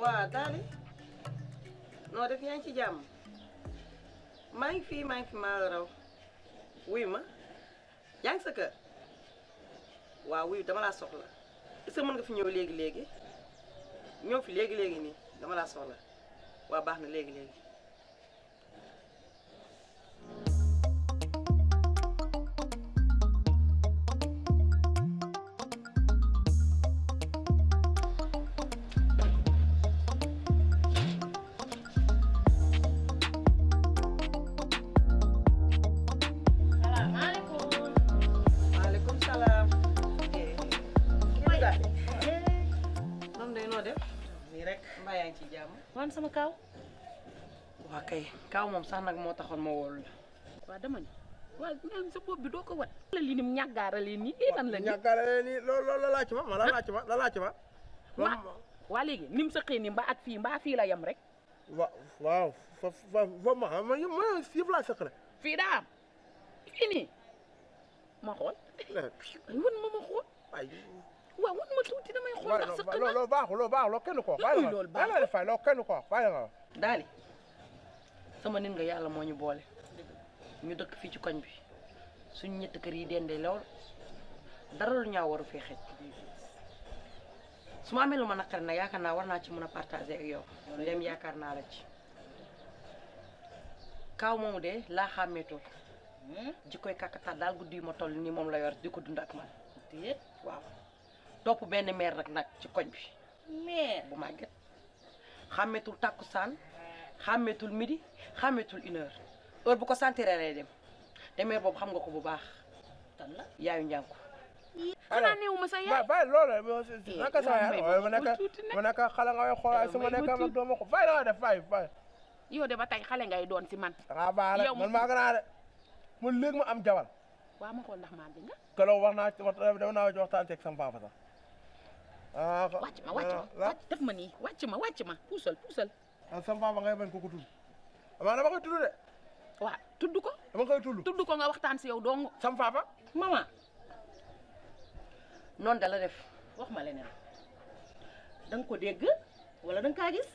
waa daali noo def yaa ngi ci jàmm maa ngi fii maa ngi fi maa raw wuy ma yaa ngi sa kër waaw wuy dama laa soxla est mën nga fi ñëw léegi léegi ñëw fi léegi léegi nii dama laa soxla waa baax na léegi léegi. man sama kau waa kay kaaw moom sax nag moo taxoon ma woolu la waa dama ni lini, même sa bopp bi do ko wat la li nim ñàggaarale nii lii lan la ñàggaarale nii lo loolu la ci ma ma la ci ma la ci ma waa waa léegi nim sa xëy ni ak fi, fii fi la yam rek Wa waaw fa fa ma ma yëpp laa sëq la fii daa am fii nii ma xool eh. won ma ma xool waaw wan ma tuuti damay xool ndax sëq na loolu baaxul loolu baaxul loolu kenn ko bàyyi hmm, nga loolu baaxul la fay loolu kenn ko bàyyi nga daali sama nit nga yàlla moo ñu boole ñu dëkk fii ci koñ bi suñu ñett kër yi dende lool dara lu ñaaw waru fee xëj su ma amee lu ma naqari nag yaakaar naa war naa ci mën a partager ak yow dem yaakaar naa la ci kaaw moomu de laa xàmmeetul hmm? ji koy kàkkatar daal guddi yu ma toll nii moom la yor di ko dund ak man waaw topp benn mère rek nag ci koñ bi mère bu màgget xàmmeetul tàkkusaan xàmmeetul midi xàmmeetul une heure heure bu ko sentire lay dem te mère boobu xam nga ko bu baax yaayu njànku xanaa néew ma sa yaay ba loolu naka sa yaay ma nekk ma nekk xale nga way su ma nekk mag doo ma def fay fay yow de ba tey xale ngay doon si man dangaa ah, baax rek man maa gën de man léegi ma am jabar waaw ma xool ndax maa di nga keroog wax naa dama naa ci waxtaan ak Ah, wàcc ma wàcc ma ah, def ma nii wàcc ma wàcc ma puusal puusal. ah sama maam ngay bañ ko ko tudd. waaw tudd de. waaw tudd ko. dama koy tudd tuddu ko nga waxtaan si yow dong. sam papa. maman noonu dala la def wax ma leneen dang ko dégg wala da nga kaa gis.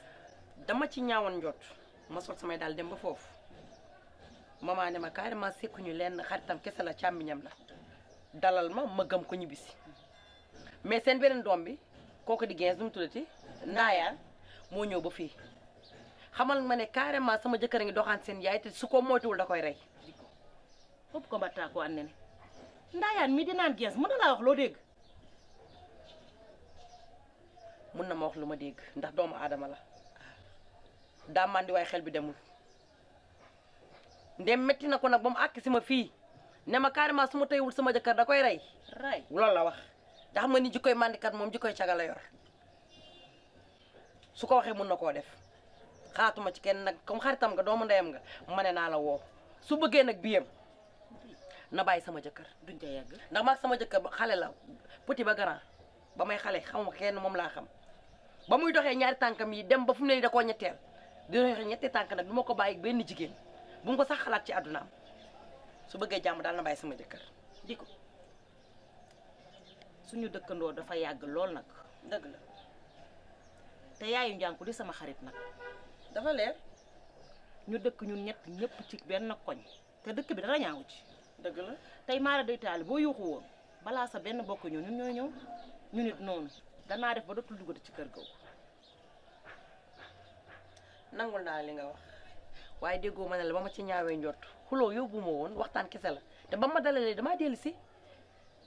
dama ci ñaawoon njot ma sol samay daal dem ba foofu maman ne ma carrément sekkuñu leen xaritam kese la càmmiñam la dalal ma ma gëm ko ñibbisi mais seen beneen doom bi. kooku di gens nu mu tuddati ndaayaan moo ñëw ba fii xamal ma ne carrément sama jëkkër a ngi doxaan seen yaay te su ko moytuwul da koy rey. ëpp ko mbattaa ko ànd ne ndaayaan mi di naan gens mën loo dégg. mun na ma lu ma dégg ndax doomu aadama la daa màndi xel bi demul ndem metti na ko nag ba mu ma fii ne ma carrément su ma tëyewul sama jëkkër da koy rey. la wax. te man ni jikkoy màndikat moom jikkoy caga la yor su ko waxee mun na koo def xaatuma ci kenn nag comme xaritam nga doomu ndeyam nga mane naa la woo su bëggee nag biyam na bàyyi sama jëkkër duñ ca ndax maag sama jëkkër ba xale la puti ba grand ba may xale xamuma kenn moom laa xam ba muy doxee ñaari tànkam yi dem ba fu mu ne nii da koo ñetteel di doxee ñetti tànk nag du ma ko bàyyi benn jigéen bu mu ko sax xalaat ci àddunaam su bëggee jàmm daal na bàyyi sama jëkkër ko suñu dëkkandoo dafa yàgg lool nag. dëgg la. te yaayu njànku di sama xarit nag. dafa leer. ñu dëkk ñun ñett ñëpp ci benn koñ te dëkk bi dara ñaawu ci. dëgg la tey maara day taali boo yuuxu woon balaa sa benn bokk ñëw ñun ñooy ñëw ñu nit noonu danaa def ba dootul duggati ci kër googu. nangul naa li nga wax waaye déggoo ma ne la ba ma ci ñaawee njot xuloo yóbbu ma woon waxtaan kese la te ba ma dalalee damaa dellu si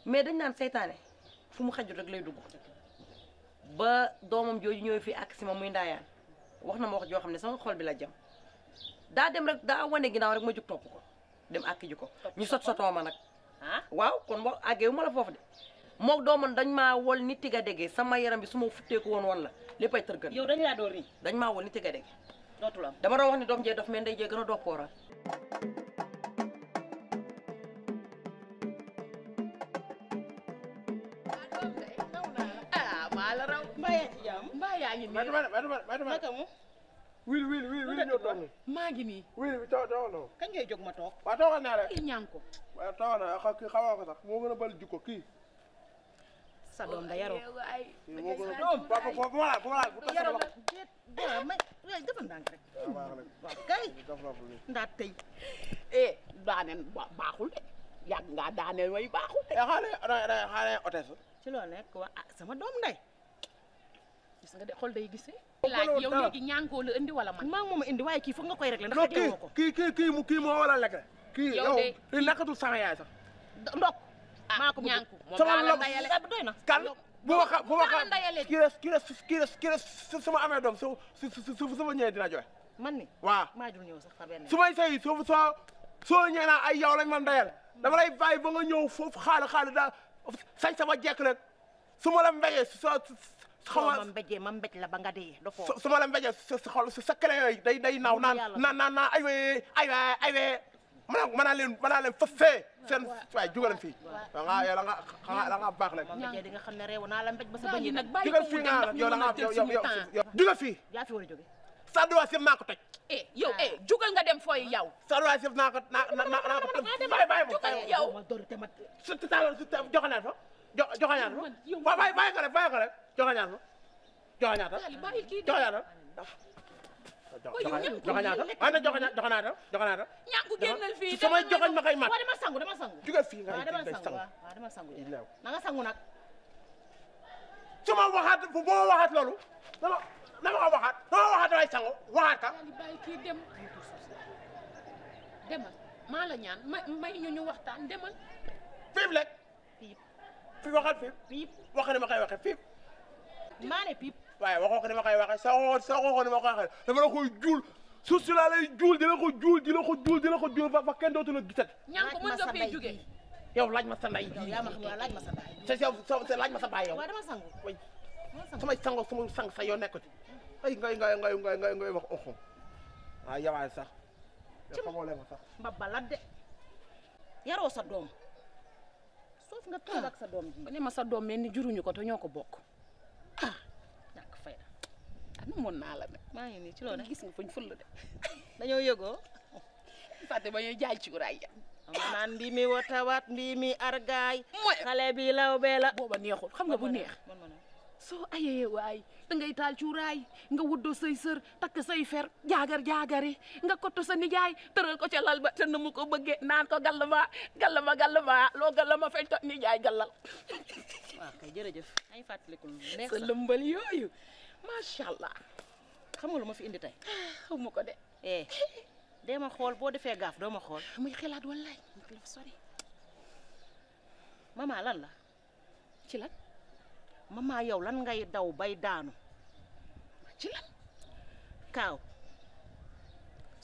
mais dañ naan seytaane. fu mu xajul rek lay dugg ba doomam jooju ñëw fii ak si ma muy ndaayaan wax na ma wax joo xam ne sama xol bi la jam daa dem rek daa wane ginaaw rek ma jug topp ko dem àkki ji ko ñu sot sotoo ma nag ah? waaw kon moo àggee wu ma la foofu de moog doomam dañ maa wol ni tiga deggee sama yaram bi su ma futteeku woon woon la léppay tërgën yow dañ laa door dañ maa wol ni tiga dege dootul am dama doon wax ne doom jee dof mais ndey jee gën a dokkooral laraw mbaa yaa ci jàmm mbaa yaa ngi nii naka mu wil wil wil wil ñoo toog maa ngi nii wil bi taw taw na kañ ngay jóg ma toog waaw toogal naa la i ñaan ko waaw taw na xa kii xamoo ko sax moo gën a bal jikko kii sa doom da yaroo moo gën a doom papa ko bu laal bu laal bu tas yaroo da may dafa ndànk rek waaw kay ndaat tey eh daaneen baaxul de yàgg ngaa daaneel way baaxul de xaale xaale hôtesse ci loo nekk waa sama doom ndey gis nga de xool day gisee. laaj yow léegi ñàngoo la indi wala man. moom a indi waaye kii foog nga koy réglé. ndax réglé woo ko kii kii kii kii moo wala lekk. kii yow de lakkatul sama yaay sax. ndok ah, maa ko bëgg moom daal la ndayale doy na. kan bu ma xam bu ma xam kii la su ma amee doom su su su su man ni maa jul ñëw sax xam benn su may sëy soo soo naa ay yow lañ man ndayal dama lay bàyyi ba nga ñëw foofu xaaral xaaral daal sañ sama jekk rek su ma la mbéyee xaw ma mbéjee ma mbéj la ba nga dee do fo su ma la mbéjee sa xol sa clé yooyu day day naaw naan naan naan naan ay wee ay wee ay wee mën naa mën naa leen mën naa leen fa fee seen waay jugalan fii nga yow la nga xanaa la nga baax rek di nga xam ne réew naa la mbéj ba sa bëñ nag jugal fii nga yow la nga yow yow yow jugal fii yaa fi war a jóge sa droit yëpp naa ko toj eh yow eh ah. jugal nga dem fooy yow sa droit yëpp naa ko naa naa ko toj bàyyi bàyyi jugal yow su taal su joxe naa fa joxe naa fa waaw bàyyi bàyyi ko rek bàyyi ko rek joxe ñaata joxe ñaata joxe ñaata joxe ñaata waaye nag joxe ñaata joxe ñaata joxe ñaata. fii su may ma koy mat waaw dama sangu dama sangu. jóge fii nga day sangu waaw dama sangu na nga sangu nag. su ma bu boo waxaat loolu dama dama ko waxaat dama waxaat damay sangu waxaat ka. bàyyi maa la ñaan may may ñu ñu waxtaan demal. fiib lekk. fiib fi waxaat fiib. fiib wax ne maa ne pip. waaye waxoo ko ni ma koy waxee saxoo saxoo ko ni ma koy waxee dama la koy juul suuf si laa lay juul dina ko juul dina ko juul dina ko juul fa kenn dootu la gisat. ñaan ko mën nga fee jógee yow laaj ma sa ndey. yow yaa ma xam laaj ma sa ndey. yow laaj ma sa baay yow. waaw dama sangu. way samay sangoo sama sang sa yoo nekkati ay ngay ngay ngay ngay ngay ngay wax oxo ah yawaay sax. ci ma balad de yaroo sa doom. suuf nga toog ak sa doom ji. ne ma sa doom mel ni juruñu ko te ñoo ko bokk. namoon naa la nag. maa ngi nii ci loolu nag gis nga fuñ full de. dañoo yëgoo. fàtte ba ñuy jaay cuuraay ya. xam naa watawat mbii mi argaay. mooy xale bi law bee la. booba neexul xam nga bu neex. soo ayee waay da ngay taal cuuraay nga wuddoo say sër takk say fer jaagar jaagari nga kottu sa nijaay tëral ko ca ba te na ko bëggee naan ko gall gàllama gàllama loo gàllama feñ ta nijaay gàllal. waaw kay jërëjëf ay fàttaliku sa lëmbal yooyu. macha allah xam lu ma fi indi tey. ko de. Eh. ma xool boo defee gaaf doo ma xool. muy xelaat lan la ci lan. mama yow lan ngay daw bay daanu ci lan. kaaw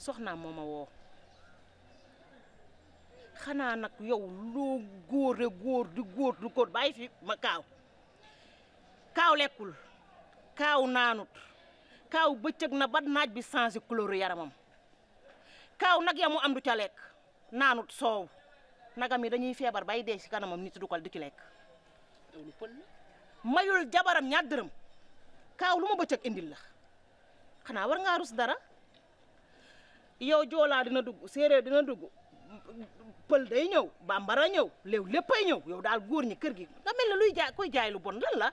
soxnaa moo ma woo xanaa nag yow loo góore góor di góor du góor bàyyi fi ma kaaw kaaw lekkul. kaaw naanut kaaw ba bëccëg na ba naaj bi changé couleur yaramam kaaw nag ya mu am du ca lekk naanut soow nagam yi dañuy feebar bay dee si kanamam nit du ko du ci lekk mayul jabaram ñaar dërëm kaaw lu ma bëccëg indil la xanaa war ngaa rus dara yow joolaa dina dugg séeréer dina dugg pël day ñëw bambara ñëw léew léppay ñëw yow daal góor ñi kër gi nga mel ne luy jaay koy jaay lu bon lan la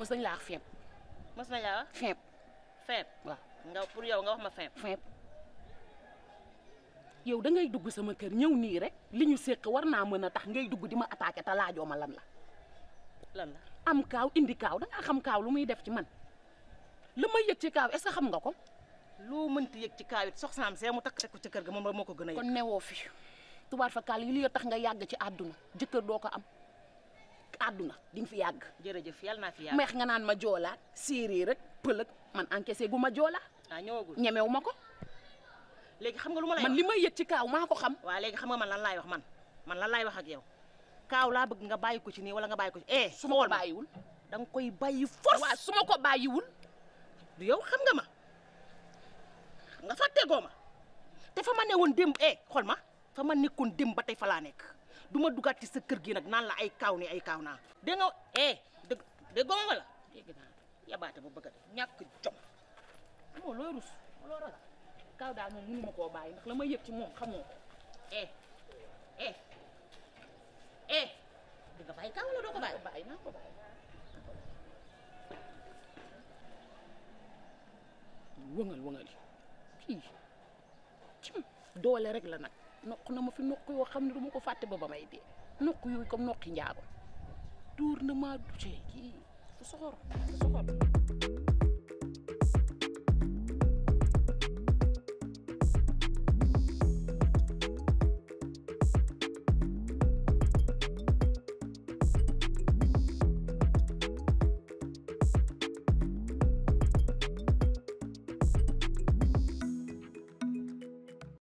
mos nañ laa wax feeb. mos feeb. feeb waaw nga pour yow nga wax ma feeb. feeb yow da ngay dugg sama kër ñëw nii rek li ñu séq war naa mën a tax ngay dugg di ma attaqué te laajoo ma lan la. lan la am kaaw indi kaaw da ngaa xam kaaw lu muy def ci man. la may yëg ci kaaw est-ce que nga ko. loo mënti yëg ci kaaw it soxnaam see mu takk ko ci kër ga moom moo ko gën a yëg. kon newoo fi tubaar fa kaal yi li tax nga yàgg ci àdduna jëkkër doo ko am. àdduna di nga fi yàgg. jërëjëf yàlla naa fi yàgg. meex nga naan ma joolaa séeréer rek pël man encaissé gu ma joolaa. ah ñëwagul ñemewu ma ko. léegi xam nga lu ma lay wax man li may yëg ci kaaw maa ko xam. waaw léegi xam nga man lan laay wax man man lan laay wax ak yow kaaw laa bëgg nga bàyyi ko ci nii wala nga bàyyi ko ci eh. su ma ko bàyyiwul da koy bàyyi force. waaw su ma ko bàyyiwul. du yow xam nga ma xam nga fàtteegoo ma te fa ma ne woon démb eh xool ma fa ma nekkoon démb ba tey fa laa nekk duma ma ci sa kër gi nag naan la ay kaaw ni ay kaaw naa. dégg nga eh dégg déggoo nga yabaate bu bëgg a def ñàkk jom amoo looy rus loo ragal kaaw daal moom koo bàyyi ndax la ma yëg ci moom xamoo eh eh eh di nga bàyyi kaaw la doo ko bàyyi naa ko bàyyi. wëngal wëngal kii doole rek la nag. noq na ma fi noq yoo xam ne du ma ko fàtte ba ba may dee noq yooyu comme noqi njaago duur na maa du cee kii su soxor su soxor